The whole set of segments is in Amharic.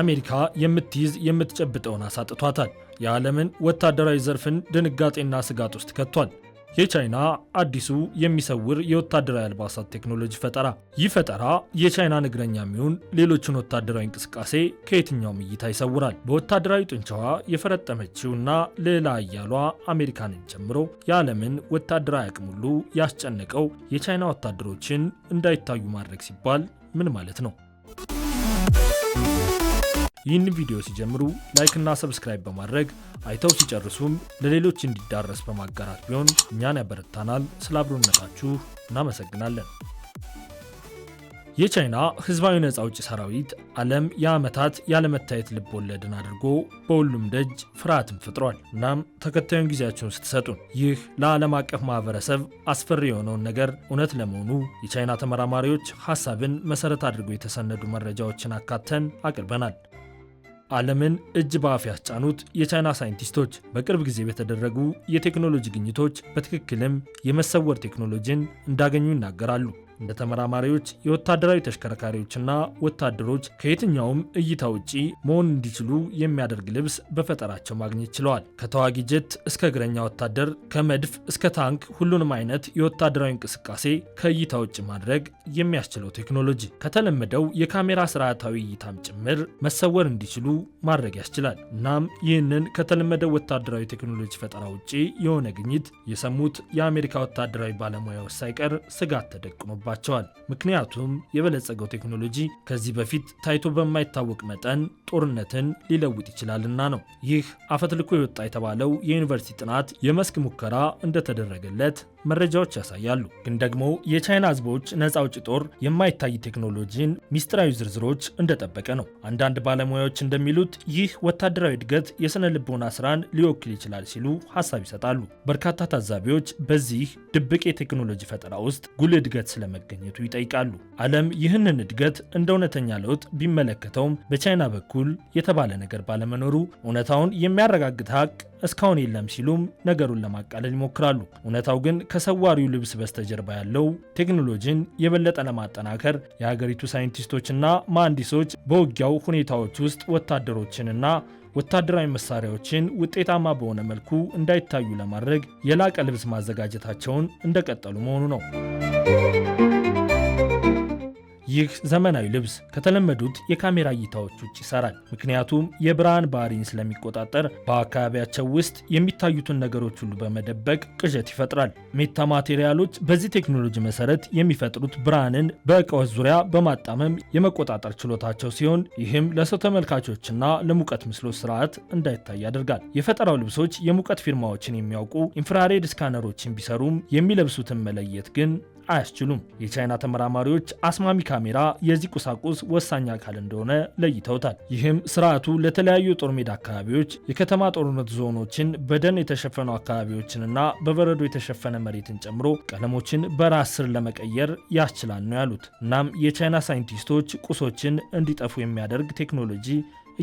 አሜሪካ የምትይዝ የምትጨብጠውን አሳጥቷታል። የዓለምን ወታደራዊ ዘርፍን ድንጋጤና ስጋት ውስጥ ከቷል። የቻይና አዲሱ የሚሰውር የወታደራዊ አልባሳት ቴክኖሎጂ ፈጠራ። ይህ ፈጠራ የቻይና እግረኛ የሚሆን ሌሎችን ወታደራዊ እንቅስቃሴ ከየትኛውም እይታ ይሰውራል። በወታደራዊ ጡንቻዋ የፈረጠመችውና ልዕለ ኃያሏ አሜሪካንን ጨምሮ የዓለምን ወታደራዊ አቅም ሁሉ ያስጨነቀው የቻይና ወታደሮችን እንዳይታዩ ማድረግ ሲባል ምን ማለት ነው? ይህን ቪዲዮ ሲጀምሩ ላይክና ሰብስክራይብ በማድረግ አይተው ሲጨርሱም ለሌሎች እንዲዳረስ በማጋራት ቢሆን እኛን ያበረታናል። ስለ አብሮነታችሁ እናመሰግናለን። የቻይና ህዝባዊ ነፃ አውጪ ሰራዊት ዓለም የዓመታት ያለመታየት ልብ ወለድን አድርጎ በሁሉም ደጅ ፍርሃትን ፈጥሯል። እናም ተከታዩን ጊዜያቸውን ስትሰጡን ይህ ለዓለም አቀፍ ማህበረሰብ አስፈሪ የሆነውን ነገር እውነት ለመሆኑ የቻይና ተመራማሪዎች ሀሳብን መሰረት አድርጎ የተሰነዱ መረጃዎችን አካተን አቅርበናል። ዓለምን እጅ በአፍ ያስጫኑት የቻይና ሳይንቲስቶች በቅርብ ጊዜ በተደረጉ የቴክኖሎጂ ግኝቶች በትክክልም የመሰወር ቴክኖሎጂን እንዳገኙ ይናገራሉ። እንደ ተመራማሪዎች የወታደራዊ ተሽከርካሪዎችና ወታደሮች ከየትኛውም እይታ ውጪ መሆን እንዲችሉ የሚያደርግ ልብስ በፈጠራቸው ማግኘት ችለዋል። ከተዋጊ ጀት እስከ እግረኛ ወታደር፣ ከመድፍ እስከ ታንክ ሁሉንም አይነት የወታደራዊ እንቅስቃሴ ከእይታ ውጭ ማድረግ የሚያስችለው ቴክኖሎጂ ከተለመደው የካሜራ ስርዓታዊ እይታም ጭምር መሰወር እንዲችሉ ማድረግ ያስችላል። እናም ይህንን ከተለመደው ወታደራዊ ቴክኖሎጂ ፈጠራ ውጪ የሆነ ግኝት የሰሙት የአሜሪካ ወታደራዊ ባለሙያዎች ሳይቀር ስጋት ተደቅኖባቸዋል። ይኖርባቸዋል። ምክንያቱም የበለጸገው ቴክኖሎጂ ከዚህ በፊት ታይቶ በማይታወቅ መጠን ጦርነትን ሊለውጥ ይችላልና ነው። ይህ አፈትልኮ የወጣ የተባለው የዩኒቨርሲቲ ጥናት የመስክ ሙከራ እንደተደረገለት መረጃዎች ያሳያሉ። ግን ደግሞ የቻይና ህዝቦች ነፃ አውጪ ጦር የማይታይ ቴክኖሎጂን ሚስጥራዊ ዝርዝሮች እንደጠበቀ ነው። አንዳንድ ባለሙያዎች እንደሚሉት ይህ ወታደራዊ እድገት የሥነ ልቦና ስራን ሊወክል ይችላል ሲሉ ሀሳብ ይሰጣሉ። በርካታ ታዛቢዎች በዚህ ድብቅ የቴክኖሎጂ ፈጠራ ውስጥ ጉል እድገት ስለመ መገኘቱ ይጠይቃሉ። ዓለም ይህንን እድገት እንደ እውነተኛ ለውጥ ቢመለከተውም በቻይና በኩል የተባለ ነገር ባለመኖሩ እውነታውን የሚያረጋግጥ ሀቅ እስካሁን የለም ሲሉም ነገሩን ለማቃለል ይሞክራሉ። እውነታው ግን ከሰዋሪው ልብስ በስተጀርባ ያለው ቴክኖሎጂን የበለጠ ለማጠናከር የሀገሪቱ ሳይንቲስቶችና መሐንዲሶች በውጊያው ሁኔታዎች ውስጥ ወታደሮችንና ወታደራዊ መሳሪያዎችን ውጤታማ በሆነ መልኩ እንዳይታዩ ለማድረግ የላቀ ልብስ ማዘጋጀታቸውን እንደቀጠሉ መሆኑ ነው። ይህ ዘመናዊ ልብስ ከተለመዱት የካሜራ እይታዎች ውጭ ይሰራል። ምክንያቱም የብርሃን ባህሪን ስለሚቆጣጠር በአካባቢያቸው ውስጥ የሚታዩትን ነገሮች ሁሉ በመደበቅ ቅዠት ይፈጥራል። ሜታ ማቴሪያሎች በዚህ ቴክኖሎጂ መሰረት የሚፈጥሩት ብርሃንን በእቃዎች ዙሪያ በማጣመም የመቆጣጠር ችሎታቸው ሲሆን ይህም ለሰው ተመልካቾችና ለሙቀት ምስሎች ስርዓት እንዳይታይ ያደርጋል። የፈጠራው ልብሶች የሙቀት ፊርማዎችን የሚያውቁ ኢንፍራሬድ ስካነሮችን ቢሰሩም የሚለብሱትን መለየት ግን አያስችሉም። የቻይና ተመራማሪዎች አስማሚ ካሜራ የዚህ ቁሳቁስ ወሳኝ አካል እንደሆነ ለይተውታል። ይህም ስርዓቱ ለተለያዩ የጦር ሜዳ አካባቢዎች፣ የከተማ ጦርነት ዞኖችን፣ በደን የተሸፈኑ አካባቢዎችንና በበረዶ የተሸፈነ መሬትን ጨምሮ ቀለሞችን በራስ ስር ለመቀየር ያስችላል ነው ያሉት። እናም የቻይና ሳይንቲስቶች ቁሶችን እንዲጠፉ የሚያደርግ ቴክኖሎጂ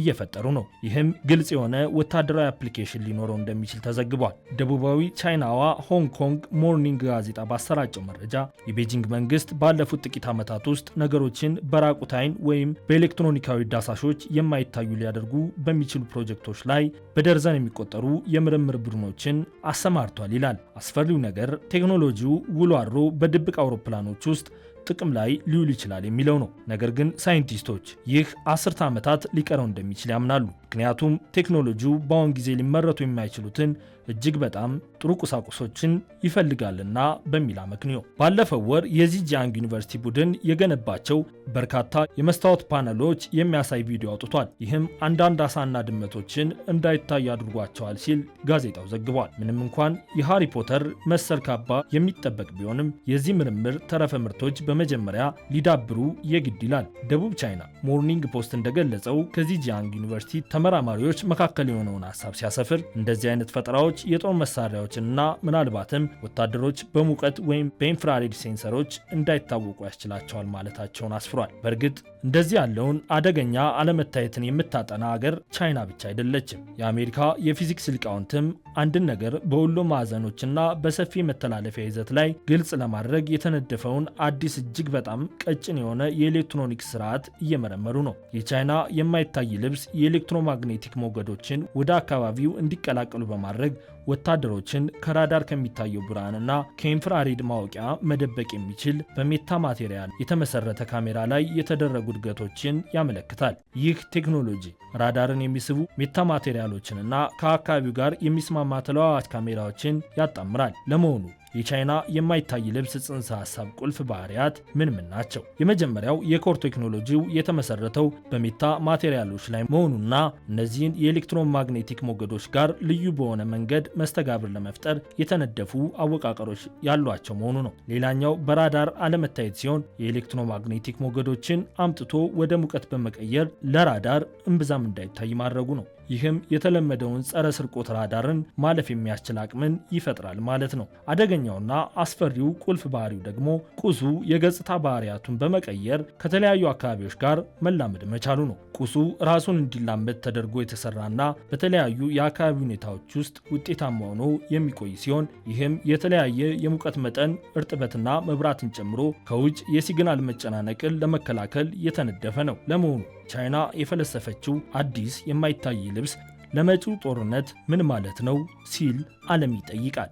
እየፈጠሩ ነው። ይህም ግልጽ የሆነ ወታደራዊ አፕሊኬሽን ሊኖረው እንደሚችል ተዘግቧል። ደቡባዊ ቻይናዋ ሆንግ ኮንግ ሞርኒንግ ጋዜጣ ባሰራጨው መረጃ የቤጂንግ መንግስት ባለፉት ጥቂት ዓመታት ውስጥ ነገሮችን በራቁት ዓይን ወይም በኤሌክትሮኒካዊ ዳሳሾች የማይታዩ ሊያደርጉ በሚችሉ ፕሮጀክቶች ላይ በደርዘን የሚቆጠሩ የምርምር ቡድኖችን አሰማርቷል ይላል። አስፈሪው ነገር ቴክኖሎጂው ውሎ አድሮ በድብቅ አውሮፕላኖች ውስጥ ጥቅም ላይ ሊውል ይችላል የሚለው ነው። ነገር ግን ሳይንቲስቶች ይህ አስርተ ዓመታት ሊቀረው እንደሚችል ያምናሉ። ምክንያቱም ቴክኖሎጂው በአሁን ጊዜ ሊመረቱ የማይችሉትን እጅግ በጣም ጥሩ ቁሳቁሶችን ይፈልጋልና በሚል አመክንዮ ባለፈው ወር የዚጂያንግ ዩኒቨርሲቲ ቡድን የገነባቸው በርካታ የመስታወት ፓነሎች የሚያሳይ ቪዲዮ አውጥቷል። ይህም አንዳንድ አሳና ድመቶችን እንዳይታይ አድርጓቸዋል ሲል ጋዜጣው ዘግቧል። ምንም እንኳን የሃሪ ፖተር መሰል ካባ የሚጠበቅ ቢሆንም የዚህ ምርምር ተረፈ ምርቶች በመጀመሪያ ሊዳብሩ የግድ ይላል። ደቡብ ቻይና ሞርኒንግ ፖስት እንደገለጸው ከዚጂያንግ ዩኒቨርሲቲ ተመራማሪዎች መካከል የሆነውን ሀሳብ ሲያሰፍር እንደዚህ አይነት ፈጠራዎች የጦር መሳሪያዎችንና ምናልባትም ወታደሮች በሙቀት ወይም በኢንፍራሬድ ሴንሰሮች እንዳይታወቁ ያስችላቸዋል ማለታቸውን አስፍሯል። በእርግጥ እንደዚህ ያለውን አደገኛ አለመታየትን የምታጠና አገር ቻይና ብቻ አይደለችም። የአሜሪካ የፊዚክስ ሊቃውንትም አንድን ነገር በሁሉ ማዕዘኖችና በሰፊ መተላለፊያ ይዘት ላይ ግልጽ ለማድረግ የተነደፈውን አዲስ እጅግ በጣም ቀጭን የሆነ የኤሌክትሮኒክስ ስርዓት እየመረመሩ ነው። የቻይና የማይታይ ልብስ የኤሌክትሮማግኔቲክ ሞገዶችን ወደ አካባቢው እንዲቀላቀሉ በማድረግ ወታደሮችን ከራዳር ከሚታየው ብርሃንና ከኢንፍራሬድ ማወቂያ መደበቅ የሚችል በሜታ ማቴሪያል የተመሰረተ ካሜራ ላይ የተደረጉ ውድገቶችን ያመለክታል። ይህ ቴክኖሎጂ ራዳርን የሚስቡ ሜታ ማቴሪያሎችንና ከአካባቢው ጋር የሚስማማ ተለዋዋጭ ካሜራዎችን ያጣምራል። ለመሆኑ የቻይና የማይታይ ልብስ ጽንሰ ሀሳብ ቁልፍ ባህሪያት ምን ምን ናቸው? የመጀመሪያው የኮር ቴክኖሎጂው የተመሰረተው በሜታ ማቴሪያሎች ላይ መሆኑና እነዚህን የኤሌክትሮማግኔቲክ ሞገዶች ጋር ልዩ በሆነ መንገድ መስተጋብር ለመፍጠር የተነደፉ አወቃቀሮች ያሏቸው መሆኑ ነው። ሌላኛው በራዳር አለመታየት ሲሆን የኤሌክትሮማግኔቲክ ሞገዶችን አምጥቶ ወደ ሙቀት በመቀየር ለራዳር እምብዛም እንዳይታይ ማድረጉ ነው። ይህም የተለመደውን ጸረ ስርቆት ራዳርን ማለፍ የሚያስችል አቅምን ይፈጥራል ማለት ነው። አደገኛውና አስፈሪው ቁልፍ ባህሪው ደግሞ ቁሱ የገጽታ ባህሪያቱን በመቀየር ከተለያዩ አካባቢዎች ጋር መላመድ መቻሉ ነው። ቁሱ ራሱን እንዲላመድ ተደርጎ የተሰራና በተለያዩ የአካባቢ ሁኔታዎች ውስጥ ውጤታማ ሆኖ የሚቆይ ሲሆን ይህም የተለያየ የሙቀት መጠን፣ እርጥበትና መብራትን ጨምሮ ከውጭ የሲግናል መጨናነቅን ለመከላከል የተነደፈ ነው። ለመሆኑ ቻይና የፈለሰፈችው አዲስ የማይታይ ልብስ ለመጪው ጦርነት ምን ማለት ነው ሲል ዓለም ይጠይቃል።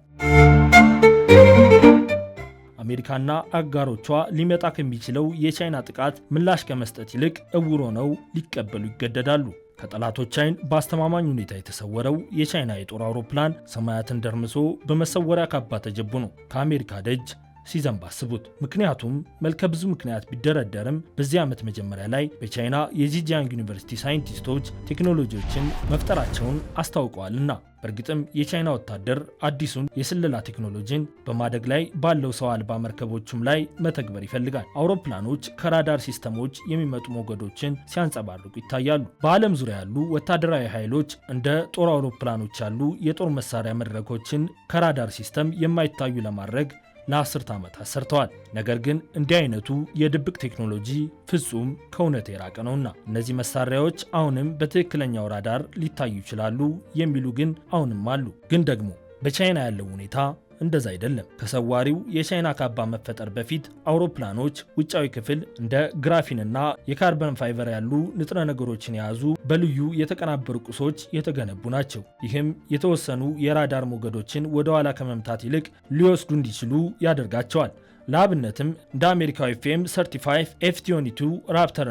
አሜሪካና አጋሮቿ ሊመጣ ከሚችለው የቻይና ጥቃት ምላሽ ከመስጠት ይልቅ እውሮ ነው ሊቀበሉ ይገደዳሉ። ከጠላቶች ዓይን በአስተማማኝ ሁኔታ የተሰወረው የቻይና የጦር አውሮፕላን ሰማያትን ደርምሶ በመሰወሪያ ካባ ተጀቡ ነው ከአሜሪካ ደጅ ሲዘንብ አስቡት። ምክንያቱም መልከ ብዙ ምክንያት ቢደረደርም በዚህ ዓመት መጀመሪያ ላይ በቻይና የጂጂያንግ ዩኒቨርሲቲ ሳይንቲስቶች ቴክኖሎጂዎችን መፍጠራቸውን አስታውቀዋልና። በእርግጥም የቻይና ወታደር አዲሱን የስለላ ቴክኖሎጂን በማደግ ላይ ባለው ሰው አልባ መርከቦችም ላይ መተግበር ይፈልጋል። አውሮፕላኖች ከራዳር ሲስተሞች የሚመጡ ሞገዶችን ሲያንጸባርቁ ይታያሉ። በዓለም ዙሪያ ያሉ ወታደራዊ ኃይሎች እንደ ጦር አውሮፕላኖች ያሉ የጦር መሳሪያ መድረኮችን ከራዳር ሲስተም የማይታዩ ለማድረግ ለአስርት ዓመታት ሰርተዋል። ነገር ግን እንዲህ አይነቱ የድብቅ ቴክኖሎጂ ፍጹም ከእውነት የራቀ ነውና እነዚህ መሳሪያዎች አሁንም በትክክለኛው ራዳር ሊታዩ ይችላሉ የሚሉ ግን አሁንም አሉ። ግን ደግሞ በቻይና ያለው ሁኔታ እንደዛ አይደለም። ከሰዋሪው የቻይና ካባ መፈጠር በፊት አውሮፕላኖች ውጫዊ ክፍል እንደ ግራፊንና የካርበን ፋይበር ያሉ ንጥረ ነገሮችን የያዙ በልዩ የተቀናበሩ ቁሶች የተገነቡ ናቸው። ይህም የተወሰኑ የራዳር ሞገዶችን ወደ ኋላ ከመምታት ይልቅ ሊወስዱ እንዲችሉ ያደርጋቸዋል። ለአብነትም እንደ አሜሪካዊ ፌም 35 ኤፍ22 ራፕተር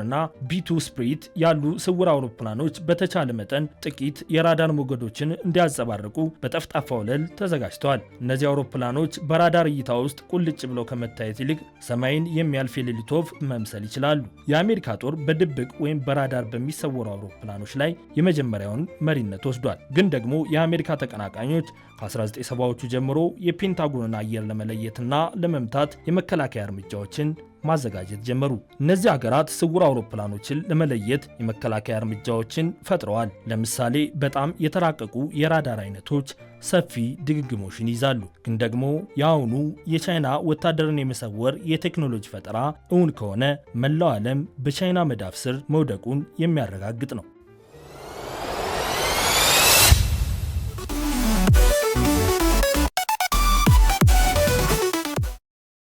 ስፕሪት ያሉ ስውር አውሮፕላኖች በተቻለ መጠን ጥቂት የራዳር ሞገዶችን እንዲያንጸባርቁ በጠፍጣፋ ወለል ተዘጋጅተዋል። እነዚህ አውሮፕላኖች በራዳር እይታ ውስጥ ቁልጭ ብለው ከመታየት ይልቅ ሰማይን የሚያልፍ የሌሊት ወፍ መምሰል ይችላሉ። የአሜሪካ ጦር በድብቅ ወይም በራዳር በሚሰወሩ አውሮፕላኖች ላይ የመጀመሪያውን መሪነት ወስዷል። ግን ደግሞ የአሜሪካ ተቀናቃኞች ከ1970ዎቹ ጀምሮ የፔንታጎንን አየር ለመለየትና ለመምታት የመከላከያ እርምጃዎችን ማዘጋጀት ጀመሩ። እነዚህ ሀገራት ስውር አውሮፕላኖችን ለመለየት የመከላከያ እርምጃዎችን ፈጥረዋል። ለምሳሌ በጣም የተራቀቁ የራዳር አይነቶች ሰፊ ድግግሞሽን ይዛሉ። ግን ደግሞ የአሁኑ የቻይና ወታደርን የመሰወር የቴክኖሎጂ ፈጠራ እውን ከሆነ መላው ዓለም በቻይና መዳፍ ስር መውደቁን የሚያረጋግጥ ነው።